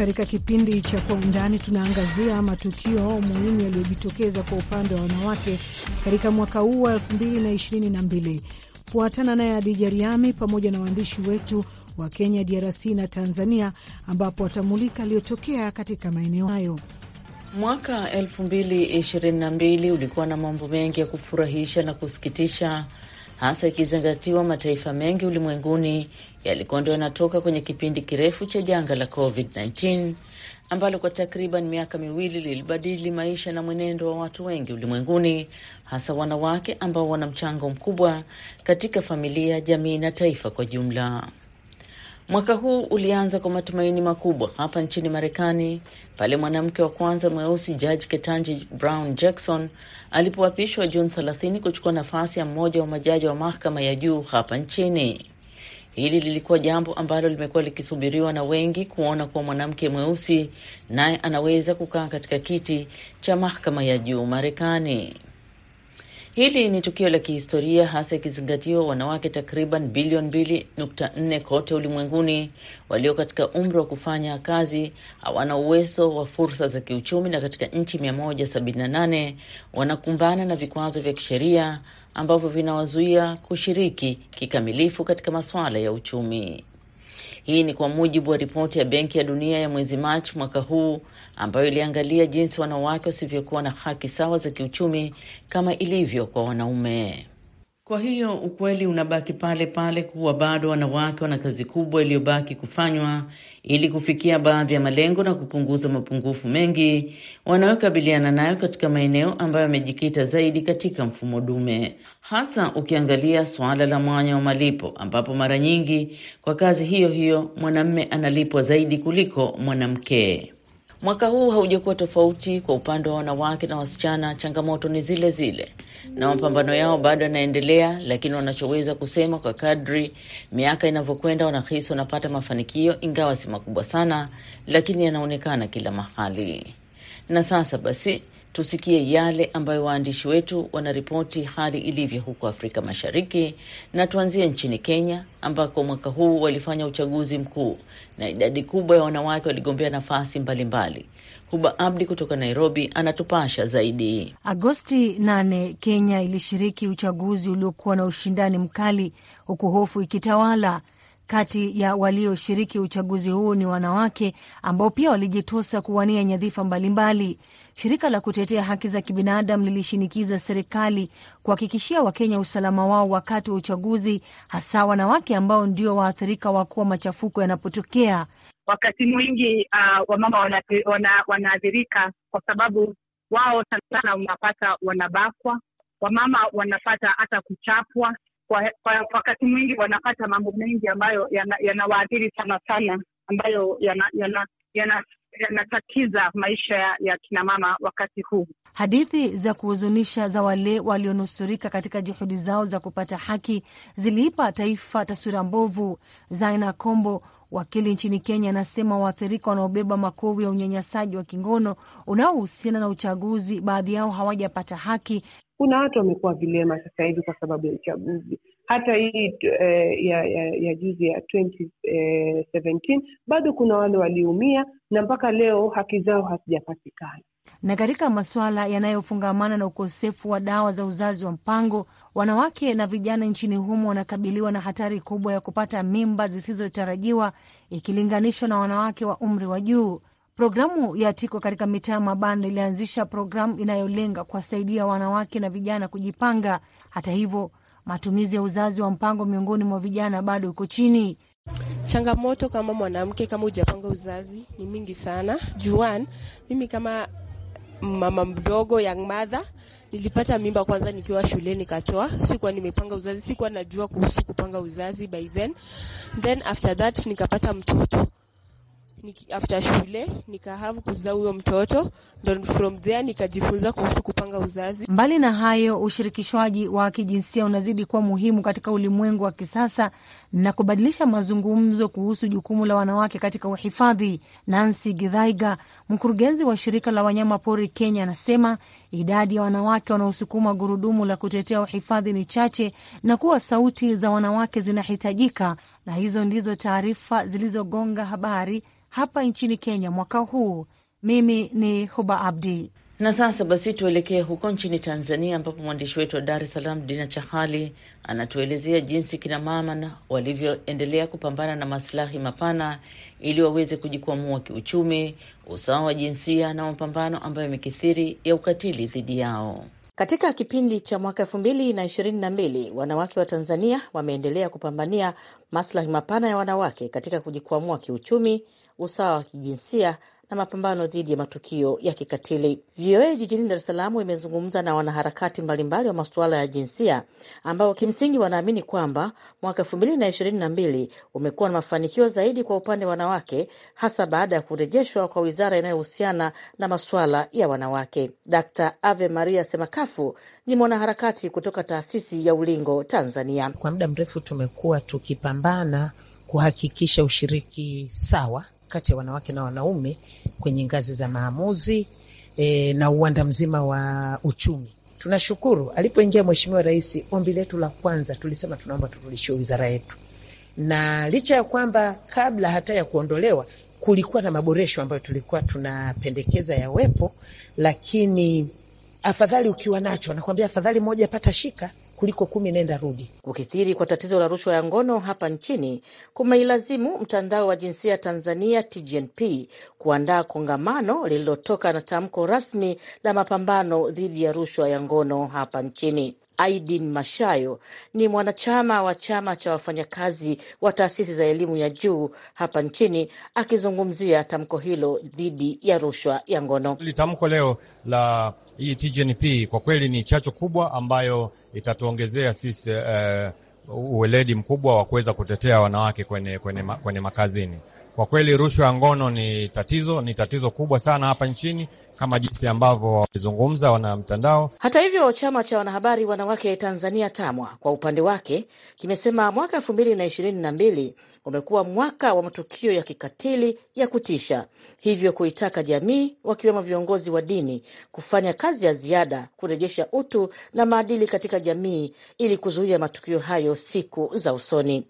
katika kipindi cha Kwa Undani tunaangazia matukio muhimu yaliyojitokeza kwa upande wa wanawake katika mwaka huu wa 222 Fuatana naye Adija Riami pamoja na waandishi wetu wa Kenya, DRC na Tanzania, ambapo watamulika aliyotokea katika maeneo hayo. Mwaka 2022 ulikuwa na mambo mengi ya kufurahisha na kusikitisha hasa ikizingatiwa mataifa mengi ulimwenguni yalikuwa ndo yanatoka kwenye kipindi kirefu cha janga la COVID-19 ambalo kwa takriban miaka miwili lilibadili maisha na mwenendo wa watu wengi ulimwenguni, hasa wanawake ambao wana mchango mkubwa katika familia, jamii na taifa kwa jumla. Mwaka huu ulianza kwa matumaini makubwa hapa nchini Marekani pale mwanamke wa kwanza mweusi Jaji Ketanji Brown Jackson alipoapishwa Juni 30 kuchukua nafasi ya mmoja wa majaji wa mahakama ya juu hapa nchini. Hili lilikuwa jambo ambalo limekuwa likisubiriwa na wengi, kuona kuwa mwanamke mweusi naye anaweza kukaa katika kiti cha mahakama ya juu Marekani. Hili ni tukio la kihistoria hasa ikizingatiwa wanawake takriban bilioni mbili nukta nne kote ulimwenguni walio katika umri wa kufanya kazi hawana uwezo wa fursa za kiuchumi, na katika nchi 178 wanakumbana na vikwazo vya kisheria ambavyo vinawazuia kushiriki kikamilifu katika masuala ya uchumi. Hii ni kwa mujibu wa ripoti ya Benki ya Dunia ya mwezi Machi mwaka huu ambayo iliangalia jinsi wanawake wasivyokuwa na haki sawa za kiuchumi kama ilivyo kwa wanaume. Kwa hiyo ukweli unabaki pale pale kuwa bado wanawake wana kazi kubwa iliyobaki kufanywa ili kufikia baadhi ya malengo na kupunguza mapungufu mengi wanayokabiliana nayo katika maeneo ambayo yamejikita zaidi katika mfumo dume, hasa ukiangalia suala la mwanya wa malipo, ambapo mara nyingi kwa kazi hiyo hiyo mwanamme analipwa zaidi kuliko mwanamke. Mwaka huu haujakuwa tofauti kwa upande wa wanawake na wasichana. Changamoto ni zile zile na mapambano yao bado yanaendelea, lakini wanachoweza kusema kwa kadri miaka inavyokwenda, wanahisi wanapata mafanikio, ingawa si makubwa sana, lakini yanaonekana kila mahali. Na sasa basi tusikie yale ambayo waandishi wetu wanaripoti hali ilivyo huko Afrika Mashariki, na tuanzie nchini Kenya ambako mwaka huu walifanya uchaguzi mkuu na idadi kubwa ya wanawake waligombea nafasi mbalimbali. Huba Abdi kutoka Nairobi anatupasha zaidi. Agosti 8 Kenya ilishiriki uchaguzi uliokuwa na ushindani mkali, huku hofu ikitawala. Kati ya walioshiriki uchaguzi huu ni wanawake ambao pia walijitosa kuwania nyadhifa mbalimbali mbali. Shirika la kutetea haki za kibinadamu lilishinikiza serikali kuhakikishia Wakenya usalama wao wakati wa uchaguzi, hasa wanawake ambao ndio waathirika wakuwa machafuko yanapotokea. Wakati mwingi uh, wamama wanaathirika kwa sababu wao sana sana unapata wanabakwa, wamama wanapata hata kuchapwa kwa, kwa wakati mwingi wanapata mambo mengi ambayo yanawaathiri yana sana sana ambayo yana, yana, yana yanatatiza maisha ya, ya kinamama wakati huu. Hadithi za kuhuzunisha za wale walionusurika katika juhudi zao za kupata haki ziliipa taifa taswira mbovu. Zaina Kombo wakili nchini Kenya anasema waathirika wanaobeba makovu ya unyanyasaji wa kingono unaohusiana na uchaguzi, baadhi yao hawajapata haki. Kuna watu wamekuwa vilema sasa hivi kwa sababu ya uchaguzi, hata hii eh, ya, ya, ya juzi ya 2017 eh, bado kuna wale waliumia na mpaka leo haki zao hazijapatikana. Na katika masuala yanayofungamana na ukosefu wa dawa za uzazi wa mpango, wanawake na vijana nchini humo wanakabiliwa na hatari kubwa ya kupata mimba zisizotarajiwa ikilinganishwa na wanawake wa umri wa juu. Programu ya Tiko katika mitaa mabanda ilianzisha programu inayolenga kuwasaidia wanawake na vijana kujipanga. Hata hivyo matumizi ya uzazi wa mpango miongoni mwa vijana bado uko chini. Changamoto kama mwanamke kama hujapanga uzazi ni mingi sana. Juan, mimi kama mama mdogo young mother nilipata mimba kwanza nikiwa shule nikatoa. Sikuwa nimepanga uzazi, sikuwa najua kuhusu kupanga uzazi by then. Then after that nikapata mtoto Niki, after shule nikahavu kuzaa huyo mtoto ndo from there nikajifunza kuhusu kupanga uzazi. Mbali na hayo, ushirikishwaji wa kijinsia unazidi kuwa muhimu katika ulimwengu wa kisasa na kubadilisha mazungumzo kuhusu jukumu la wanawake katika uhifadhi. Nancy Githaiga, mkurugenzi wa shirika la wanyama pori Kenya, anasema idadi ya wanawake wanaosukuma gurudumu la kutetea uhifadhi ni chache na kuwa sauti za wanawake zinahitajika, na hizo ndizo taarifa zilizogonga habari hapa nchini Kenya mwaka huu. Mimi ni Huba Abdi. Na sasa basi tuelekee huko nchini Tanzania, ambapo mwandishi wetu wa Dar es Salaam Dina Chahali anatuelezea jinsi kinamama walivyoendelea kupambana na maslahi mapana ili waweze kujikwamua kiuchumi, usawa wa jinsia na mapambano ambayo imekithiri ya ukatili dhidi yao. Katika kipindi cha mwaka elfu mbili na ishirini na mbili wanawake wa Tanzania wameendelea kupambania maslahi mapana ya wanawake katika kujikwamua kiuchumi usawa wa kijinsia na mapambano dhidi ya matukio ya kikatili. VOA jijini Dar es Salaam imezungumza na wanaharakati mbalimbali wa masuala ya jinsia ambao kimsingi wanaamini kwamba mwaka elfu mbili na ishirini na mbili umekuwa na mafanikio zaidi kwa upande wa wanawake, hasa baada ya kurejeshwa kwa wizara inayohusiana na masuala ya wanawake. Dkt Ave Maria Semakafu ni mwanaharakati kutoka taasisi ya Ulingo Tanzania. Kwa muda mrefu tumekuwa tukipambana kuhakikisha ushiriki sawa kati ya wanawake na wanaume kwenye ngazi za maamuzi e, na uwanda mzima wa uchumi. Tunashukuru alipoingia Mheshimiwa Rais, ombi letu la kwanza tulisema tunaomba turudishiwe wizara yetu, na licha ya kwamba kabla hata ya kuondolewa kulikuwa na maboresho ambayo tulikuwa tunapendekeza yawepo, lakini afadhali ukiwa nacho, nakwambia afadhali moja pata shika kuliko kumi nenda rudi. Kukithiri kwa tatizo la rushwa ya ngono hapa nchini kumeilazimu mtandao wa jinsia Tanzania TGNP kuandaa kongamano lililotoka na tamko rasmi la mapambano dhidi ya rushwa ya ngono hapa nchini. Aidin Mashayo ni mwanachama wa chama cha wafanyakazi wa taasisi za elimu ya juu hapa nchini, akizungumzia tamko hilo dhidi ya rushwa ya ngono. Hili tamko leo la hii TGNP kwa kweli ni chachu kubwa ambayo itatuongezea sisi uh, uweledi mkubwa wa kuweza kutetea wanawake kwenye, kwenye, kwenye makazini. Kwa kweli rushwa ya ngono ni tatizo, ni tatizo kubwa sana hapa nchini kama jinsi ambavyo wamezungumza wana mtandao. Hata hivyo, chama cha wanahabari wanawake Tanzania TAMWA kwa upande wake kimesema mwaka elfu mbili na ishirini na mbili umekuwa mwaka wa matukio ya kikatili ya kutisha hivyo kuitaka jamii wakiwemo viongozi wa dini kufanya kazi ya ziada kurejesha utu na maadili katika jamii ili kuzuia matukio hayo siku za usoni.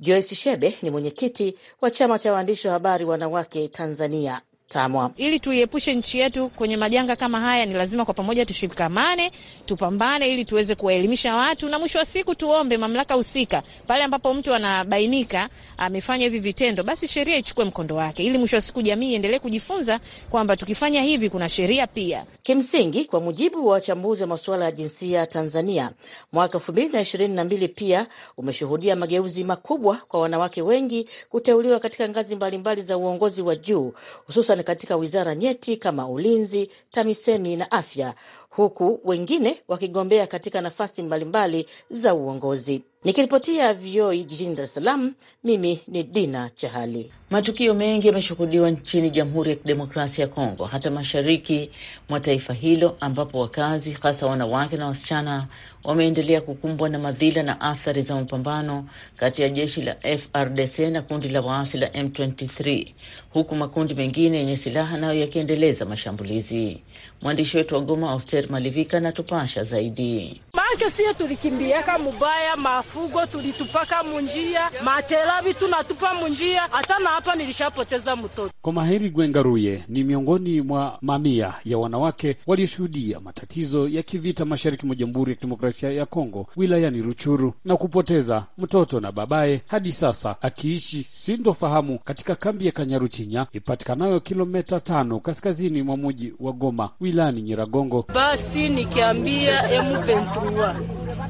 Joyce Shebe ni mwenyekiti wa chama cha waandishi wa habari wanawake Tanzania TAMWA. Ili tuiepushe nchi yetu kwenye majanga kama haya, ni lazima kwa pamoja tushikamane, tupambane ili tuweze kuwaelimisha watu, na mwisho wa siku tuombe mamlaka husika, pale ambapo mtu anabainika amefanya hivi vitendo, basi sheria ichukue mkondo wake, ili mwisho wa siku jamii iendelee kujifunza kwamba tukifanya hivi kuna sheria pia. Kimsingi, kwa mujibu wa wachambuzi wa masuala ya jinsia Tanzania, mwaka elfu mbili na ishirini na mbili pia umeshuhudia mageuzi makubwa kwa wanawake wengi kuteuliwa katika ngazi mbalimbali mbali za uongozi wa juu hususan katika wizara nyeti kama ulinzi, TAMISEMI na afya huku wengine wakigombea katika nafasi mbalimbali za uongozi. Nikiripotia vioi e jijini Dar es Salaam, mimi ni Dina Chahali. Matukio mengi yameshuhudiwa nchini Jamhuri ya Kidemokrasia ya Kongo, hata mashariki mwa taifa hilo, ambapo wakazi hasa wanawake na wasichana wameendelea kukumbwa na madhila na athari za mapambano kati ya jeshi la FRDC na kundi la waasi la M23, huku makundi mengine yenye silaha nayo yakiendeleza mashambulizi. Mwandishi wetu wa Goma, Auster Malivika, anatupasha zaidi. Make sie tulikimbiaka mubaya, mafugo tulitupaka munjia, matela vitu natupa munjia, hata na hapa nilishapoteza mtoto. Kwa Maheri Gwengaruye ni miongoni mwa mamia ya wanawake walioshuhudia matatizo ya kivita mashariki mwa Jamhuri ya Kidemokrasia ya Kongo wilayani Ruchuru na kupoteza mtoto na babaye hadi sasa akiishi sintofahamu katika kambi ya Kanyaruchinya ipatikanayo kilometa tano kaskazini mwa muji wa Goma wilani Nyiragongo. Basi nikiambia M23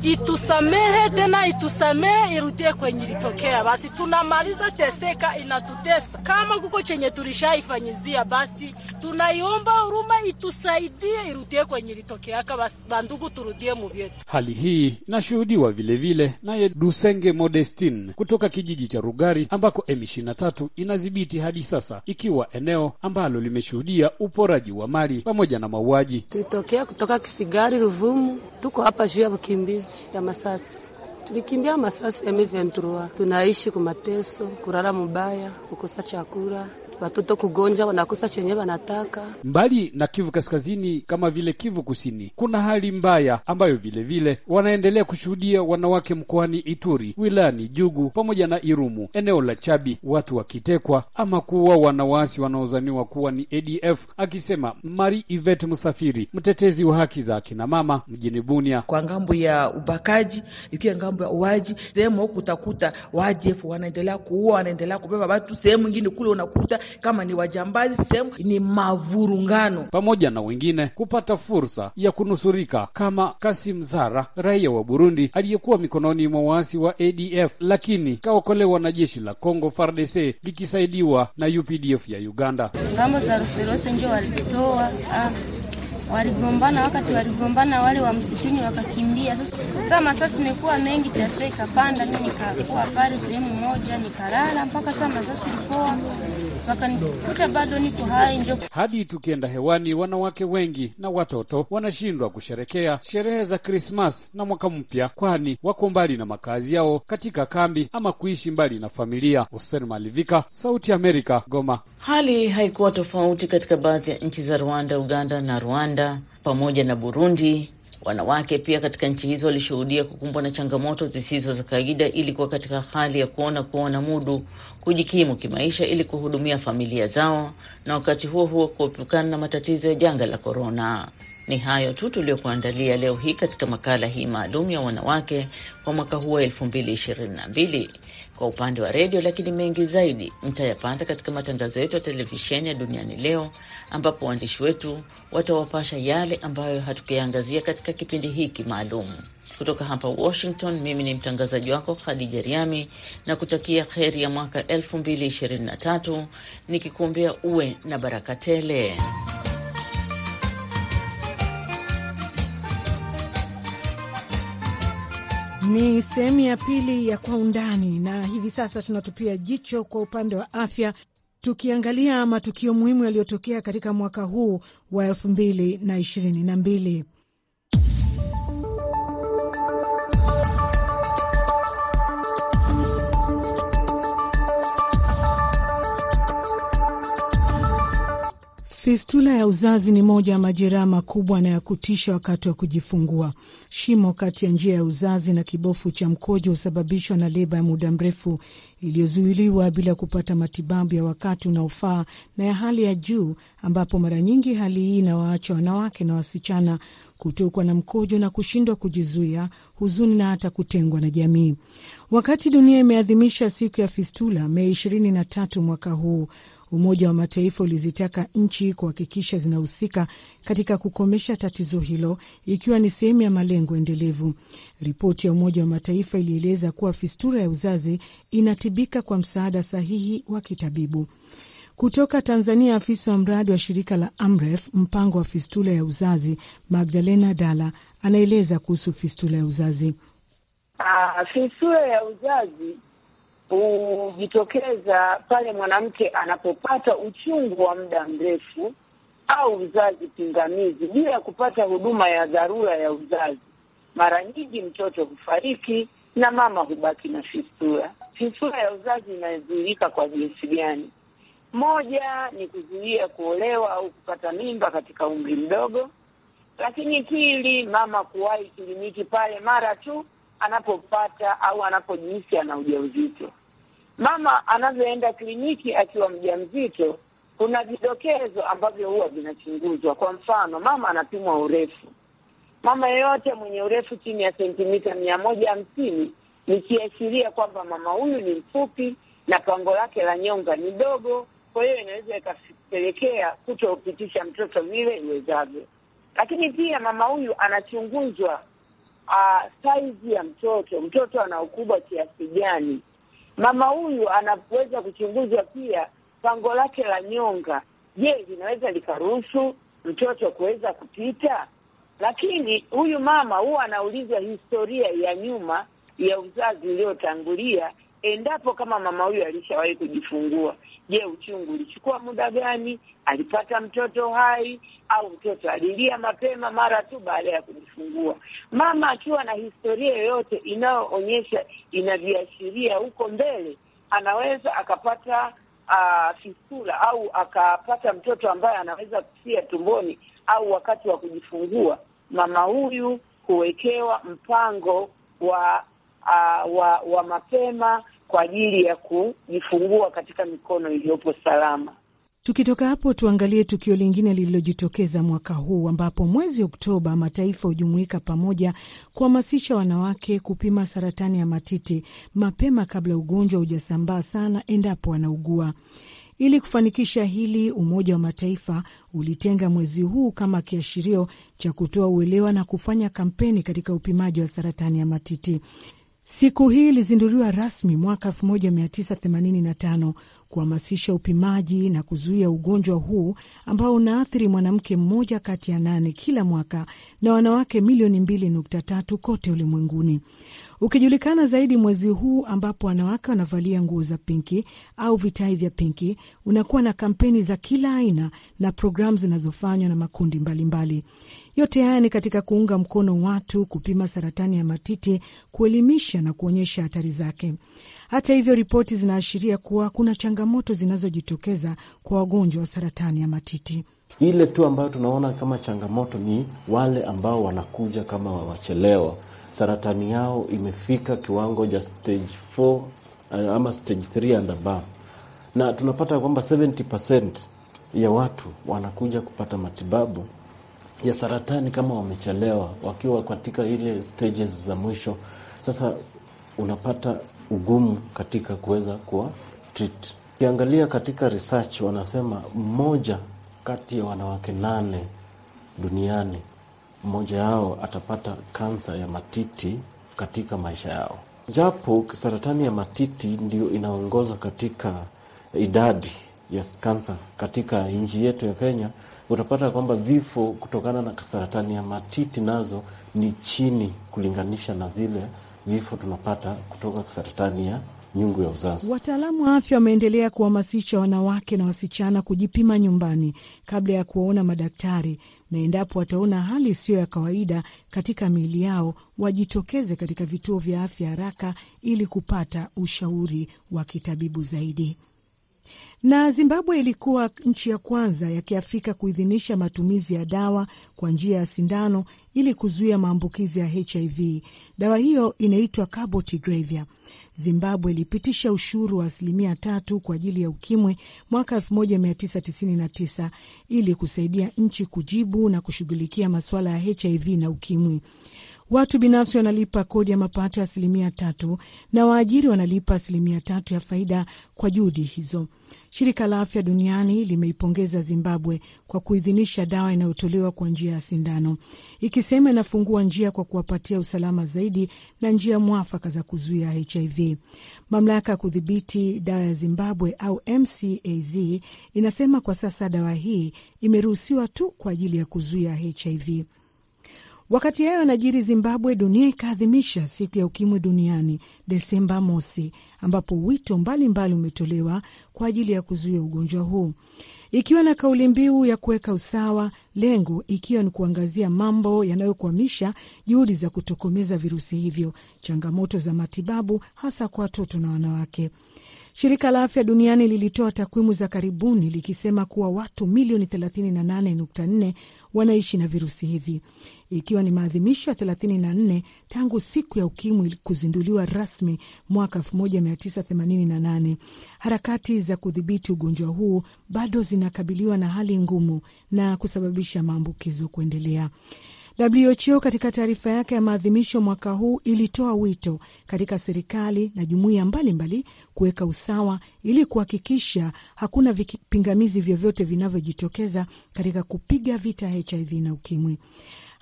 itusamehe tena, itusamehe irudie kwenye ilitokea, basi tunamaliza teseka, inatutesa kama kuko chenye tulishaifanyizia, basi tunaiomba huruma itusaidie, irudie kwenye ilitokeaka, basi bandugu, turudie muvyetu. Hali hii inashuhudiwa vilevile naye Dusenge Modestin kutoka kijiji cha Rugari ambako M23 inadhibiti hadi sasa, ikiwa eneo ambalo limeshuhudia uporaji wa mali pamoja pamoja na mauaji. Tulitokea kutoka Kisigari, Ruvumu, tuko hapa juu ya mkimbizi ya Masasi. Tulikimbia Masasi M23, tunaishi kumateso, kurara mubaya, kukosa chakula watoto kugonja, wanakosa chenye wanataka. Mbali na Kivu Kaskazini, kama vile Kivu Kusini, kuna hali mbaya ambayo vilevile vile wanaendelea kushuhudia wanawake mkoani Ituri, wilani Jugu pamoja na Irumu, eneo la Chabi, watu wakitekwa ama kuwa wanawasi wanaozaniwa kuwa ni ADF, akisema Mari Ivet Msafiri, mtetezi wa haki za akina mama mjini Bunia. Kwa ngambo ya ubakaji, ikiwa ngambo ya uwaji sehemu huku utakuta wa ADF wanaendelea kuua, wanaendelea kubeba watu, sehemu ingine kule unakuta kama ni wajambazi, sehemu ni mavurungano, pamoja na wengine kupata fursa ya kunusurika kama Kasim Zara, raia wa Burundi aliyekuwa mikononi mwa waasi wa ADF, lakini kaokolewa na jeshi la Kongo FARDC likisaidiwa na UPDF ya Uganda. Ngambo za Rusirose ndio walitoa ah, Waligombana, wakati waligombana wale wa msituni wakakimbia. Sasa sasa masasi imekuwa mengi, taso ikapanda, mimi nikakuwa pale sehemu moja nikalala mpaka sasa masasi ilipoa wakanikuta bado niko hai. Ndio hadi tukienda hewani, wanawake wengi na watoto wanashindwa kusherekea sherehe za Krismas na mwaka mpya, kwani wako mbali na makazi yao katika kambi ama kuishi mbali na familia. Hosen Malivika, Sauti ya Amerika, Goma. Hali haikuwa tofauti katika baadhi ya nchi za Rwanda, Uganda na Rwanda pamoja na Burundi Wanawake pia katika nchi hizo walishuhudia kukumbwa na changamoto zisizo za kawaida ili kuwa katika hali ya kuona kuwa mudu kujikimu kimaisha ili kuhudumia familia zao na wakati huo huo kuepukana na matatizo ya janga la korona. Ni hayo tu tuliyokuandalia leo hii katika makala hii maalum ya wanawake kwa mwaka huu wa elfu mbili ishirini na mbili kwa upande wa redio, lakini mengi zaidi mtayapata katika matangazo yetu ya televisheni ya Duniani Leo, ambapo waandishi wetu watawapasha yale ambayo hatukuyaangazia katika kipindi hiki maalum. Kutoka hapa Washington, mimi ni mtangazaji wako Khadija Riami na kutakia kheri ya mwaka 2023 nikikuombea uwe na baraka tele. Ni sehemu ya pili ya Kwa Undani, na hivi sasa tunatupia jicho kwa upande wa afya, tukiangalia matukio muhimu yaliyotokea katika mwaka huu wa elfu mbili na ishirini na mbili. Fistula ya uzazi ni moja ya majeraha makubwa na ya kutisha wakati wa kujifungua. Shimo kati ya njia ya uzazi na kibofu cha mkojo husababishwa na leba ya muda mrefu iliyozuiliwa bila kupata matibabu ya wakati unaofaa na ya hali ya juu, ambapo mara nyingi hali hii inawaacha wanawake na wasichana kutokwa na mkojo na kushindwa kujizuia, huzuni na hata kutengwa na jamii. Wakati dunia imeadhimisha siku ya fistula Mei 23 mwaka huu Umoja wa Mataifa ulizitaka nchi kuhakikisha zinahusika katika kukomesha tatizo hilo, ikiwa ni sehemu ya malengo endelevu. Ripoti ya Umoja wa Mataifa ilieleza kuwa fistula ya uzazi inatibika kwa msaada sahihi wa kitabibu. Kutoka Tanzania, afisa wa mradi wa shirika la AMREF, mpango wa fistula ya uzazi, Magdalena Dala anaeleza kuhusu fistula ya uzazi. Uh, fistula ya uzazi hujitokeza pale mwanamke anapopata uchungu wa muda mrefu au uzazi pingamizi bila kupata huduma ya dharura ya uzazi. Mara nyingi mtoto hufariki na mama hubaki na fistula. Fistula ya uzazi inazuilika kwa jinsi gani? Moja ni kuzuia kuolewa au kupata mimba katika umri mdogo, lakini pili, mama kuwahi kliniki pale mara tu anapopata au anapojihisi ana ujauzito mama anavyoenda kliniki akiwa mjamzito, kuna vidokezo ambavyo huwa vinachunguzwa. Kwa mfano, mama anapimwa urefu. Mama yeyote mwenye urefu chini ya sentimita mia moja hamsini ni kiashiria kwamba mama huyu ni mfupi na pango lake la nyonga ni dogo, kwa hiyo inaweza ikapelekea kutopitisha mtoto vile iwezavyo. Lakini pia mama huyu anachunguzwa uh, ah, saizi ya mtoto, mtoto ana ukubwa kiasi gani Mama huyu anaweza kuchunguzwa pia pango lake la nyonga. Je, linaweza likaruhusu mtoto kuweza kupita? Lakini huyu mama huwa anaulizwa historia ya nyuma ya uzazi uliotangulia endapo kama mama huyu alishawahi kujifungua. Je, uchungu ulichukua muda gani? Alipata mtoto hai au mtoto alilia mapema mara tu baada ya kujifungua? Mama akiwa na historia yoyote inayoonyesha inaviashiria huko mbele, anaweza akapata uh, fisula au akapata mtoto ambaye anaweza kufia tumboni au wakati wa kujifungua. Mama huyu huwekewa mpango wa uh, wa, wa mapema kwa ajili ya kujifungua katika mikono iliyopo salama. Tukitoka hapo tuangalie tukio lingine lililojitokeza mwaka huu ambapo mwezi Oktoba mataifa hujumuika pamoja kuhamasisha wanawake kupima saratani ya matiti mapema kabla ugonjwa hujasambaa sana endapo wanaugua. Ili kufanikisha hili, Umoja wa Mataifa ulitenga mwezi huu kama kiashirio cha kutoa uelewa na kufanya kampeni katika upimaji wa saratani ya matiti. Siku hii ilizinduliwa rasmi mwaka 1985 kuhamasisha upimaji na kuzuia ugonjwa huu ambao unaathiri mwanamke mmoja kati ya nane kila mwaka na wanawake milioni 2.3 kote ulimwenguni, ukijulikana zaidi mwezi huu ambapo wanawake wanavalia nguo za pinki au vitai vya pinki. Unakuwa na kampeni za kila aina na programu zinazofanywa na makundi mbalimbali mbali. Yote haya ni katika kuunga mkono watu kupima saratani ya matiti, kuelimisha na kuonyesha hatari zake. Hata hivyo, ripoti zinaashiria kuwa kuna changamoto zinazojitokeza kwa wagonjwa wa saratani ya matiti. Ile tu ambayo tunaona kama changamoto ni wale ambao wanakuja kama wawachelewa saratani yao imefika kiwango cha stage 4 eh, ama stage 3 and above, na tunapata kwamba 70% ya watu wanakuja kupata matibabu ya saratani kama wamechelewa, wakiwa katika ile stages za mwisho. Sasa unapata ugumu katika kuweza kuwa treat. Ukiangalia katika research wanasema mmoja kati ya wanawake nane duniani mmoja yao atapata kansa ya matiti katika maisha yao, japo saratani ya matiti ndio inaongoza katika idadi ya kansa katika nchi yetu ya Kenya utapata kwamba vifo kutokana na saratani ya matiti nazo ni chini kulinganisha na zile vifo tunapata kutoka saratani ya nyungu ya uzazi. Wataalamu wa afya wameendelea kuhamasisha wanawake na wasichana kujipima nyumbani kabla ya kuwaona madaktari, na endapo wataona hali isiyo ya kawaida katika miili yao wajitokeze katika vituo vya afya haraka ili kupata ushauri wa kitabibu zaidi na Zimbabwe ilikuwa nchi ya kwanza ya Kiafrika kuidhinisha matumizi ya dawa kwa njia ya sindano ili kuzuia maambukizi ya HIV. Dawa hiyo inaitwa cabotegravir. Zimbabwe ilipitisha ushuru wa asilimia tatu kwa ajili ya ukimwi mwaka 1999 ili kusaidia nchi kujibu na kushughulikia masuala ya HIV na ukimwi. Watu binafsi wanalipa kodi ya mapato ya asilimia tatu na waajiri wanalipa asilimia tatu ya faida kwa juhudi hizo. Shirika la Afya Duniani limeipongeza Zimbabwe kwa kuidhinisha dawa inayotolewa kwa njia ya sindano, ikisema inafungua njia kwa kuwapatia usalama zaidi na njia mwafaka za kuzuia HIV. Mamlaka ya kudhibiti dawa ya Zimbabwe au MCAZ inasema kwa sasa dawa hii imeruhusiwa tu kwa ajili ya kuzuia HIV. Wakati hayo anajiri Zimbabwe, dunia ikaadhimisha siku ya ukimwi duniani Desemba mosi, ambapo wito mbalimbali umetolewa kwa ajili ya kuzuia ugonjwa huu ikiwa na kauli mbiu ya kuweka usawa, lengo ikiwa ni kuangazia mambo yanayokwamisha juhudi za kutokomeza virusi hivyo, changamoto za matibabu hasa kwa watoto na wanawake. Shirika la Afya Duniani lilitoa takwimu za karibuni likisema kuwa watu milioni 38.4 wanaishi na virusi hivi ikiwa ni maadhimisho ya 34 tangu siku ya ukimwi kuzinduliwa rasmi mwaka 1988. Harakati za kudhibiti ugonjwa huu bado zinakabiliwa na hali ngumu na kusababisha maambukizo kuendelea. WHO katika taarifa yake ya maadhimisho mwaka huu ilitoa wito katika serikali na jumuiya mbalimbali kuweka usawa ili kuhakikisha hakuna vipingamizi vyovyote vinavyojitokeza katika kupiga vita HIV na ukimwi.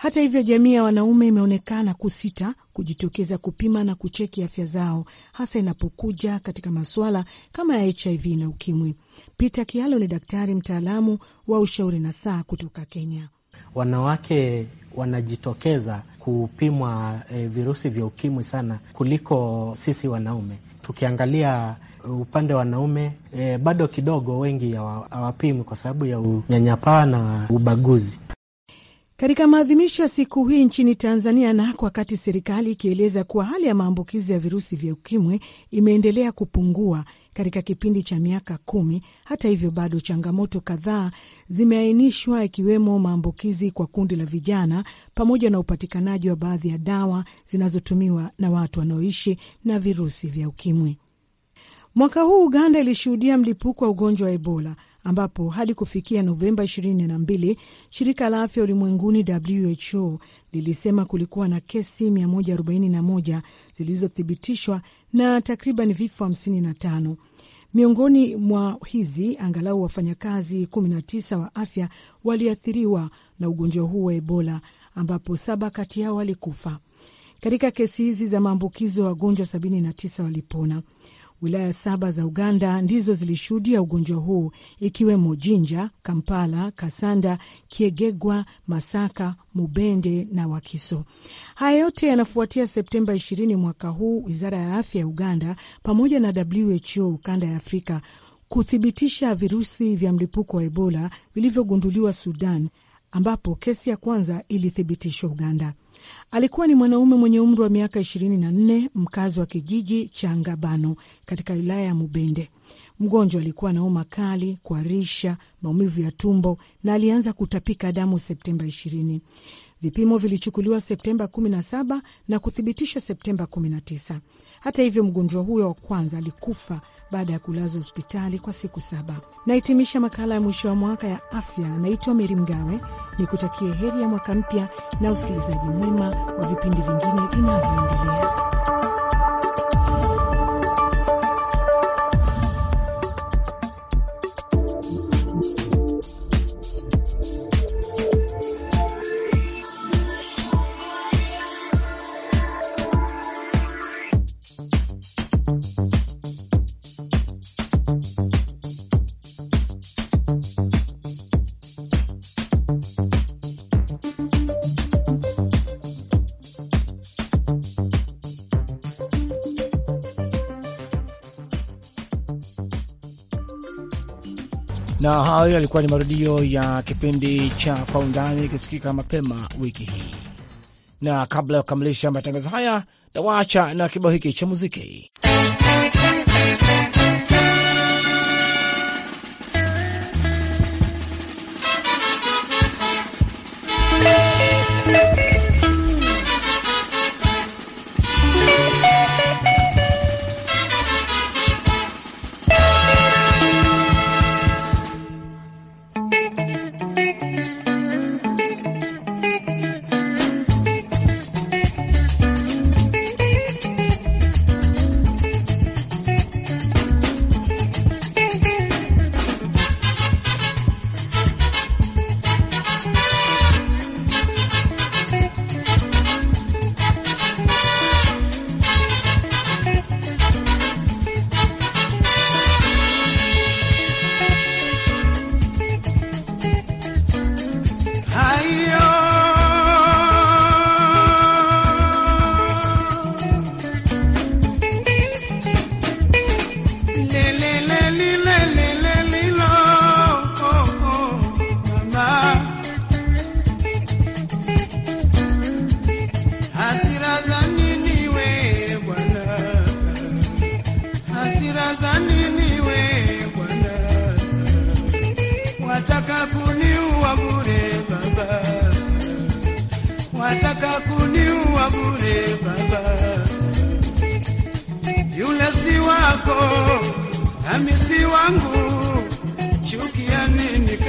Hata hivyo, jamii ya wanaume imeonekana kusita kujitokeza kupima na kucheki afya zao, hasa inapokuja katika masuala kama ya HIV na UKIMWI. Peter Kialo ni daktari mtaalamu wa ushauri na saa kutoka Kenya. Wanawake wanajitokeza kupimwa e, virusi vya ukimwi sana kuliko sisi wanaume. Tukiangalia eh, upande wa wanaume e, bado kidogo wengi hawapimwi kwa sababu ya unyanyapaa na ubaguzi. Katika maadhimisho ya siku hii nchini Tanzania na wakati serikali ikieleza kuwa hali ya maambukizi ya virusi vya ukimwi imeendelea kupungua katika kipindi cha miaka kumi. Hata hivyo, bado changamoto kadhaa zimeainishwa ikiwemo maambukizi kwa kundi la vijana pamoja na upatikanaji wa baadhi ya dawa zinazotumiwa na watu wanaoishi na virusi vya ukimwi. Mwaka huu Uganda ilishuhudia mlipuko wa ugonjwa wa Ebola ambapo hadi kufikia Novemba 22 shirika la afya ulimwenguni WHO lilisema kulikuwa na kesi 141 zilizothibitishwa na takriban vifo 55. Miongoni mwa hizi angalau wafanyakazi 19 wa afya waliathiriwa na ugonjwa huu wa Ebola, ambapo saba kati yao walikufa. Katika kesi hizi za maambukizo wagonjwa 79 walipona. Wilaya saba za Uganda ndizo zilishuhudia ugonjwa huu ikiwemo Jinja, Kampala, Kasanda, Kiegegwa, Masaka, Mubende na Wakiso. Haya yote yanafuatia Septemba 20 mwaka huu, wizara ya afya ya Uganda pamoja na WHO kanda ya Afrika kuthibitisha virusi vya mlipuko wa Ebola vilivyogunduliwa Sudan, ambapo kesi ya kwanza ilithibitishwa Uganda. Alikuwa ni mwanaume mwenye umri wa miaka ishirini na nne mkazi wa kijiji cha Ngabano katika wilaya ya Mubende. Mgonjwa alikuwa na homa kali, kuharisha, maumivu ya tumbo na alianza kutapika damu Septemba ishirini Vipimo vilichukuliwa Septemba kumi na saba na kuthibitishwa Septemba kumi na tisa Hata hivyo, mgonjwa huyo wa kwanza alikufa baada ya kulazwa hospitali kwa siku saba. Nahitimisha makala ya mwisho wa mwaka ya afya. Naitwa Meri Mgawe, ni kutakie heri ya mwaka mpya na usikilizaji mwema wa vipindi vingine vinavyoendelea. na hayo yalikuwa ni marudio ya kipindi cha Kwa Undani ikisikika mapema wiki hii, na kabla ya kukamilisha matangazo haya, nawaacha na kibao hiki cha muziki.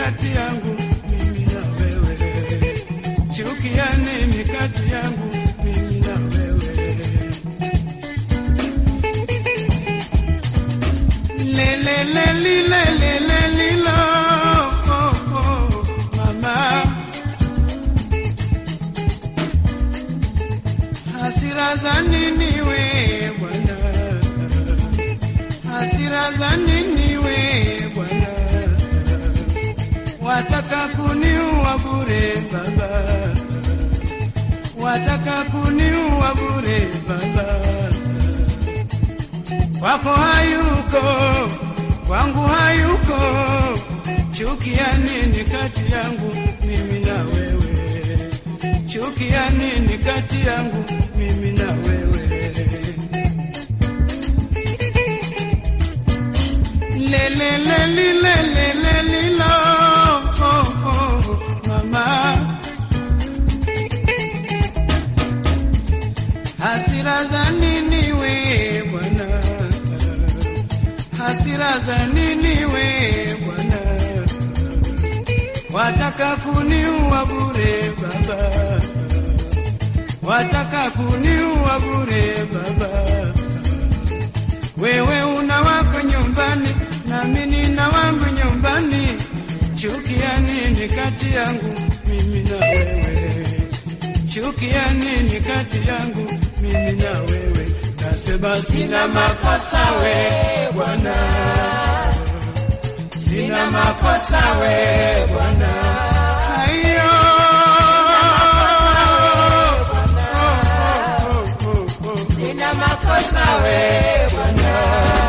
kati yangu mimi na wewe, shirikiane kati yangu mimi na wewe, lo oh, oh, mama, hasira za nini we bwana, hasira za nini wataka kuniua bure baba, wataka kuniua bure baba, wako hayuko kwangu hayuko, chuki ya nini kati yangu mimi na wewe, Chuki ya nini kati yangu mimi na wewe lelele wataka kuniua bure baba, wataka kuniua bure baba. Wewe una wako nyumbani, mimi nina wangu nyumbani, chukia nini kati yangu mimi na wewe? Chukia nini kati yangu mimi na wewe? Nasema sina makosa we Bwana nina makosa we Bwana nina makosa we Bwana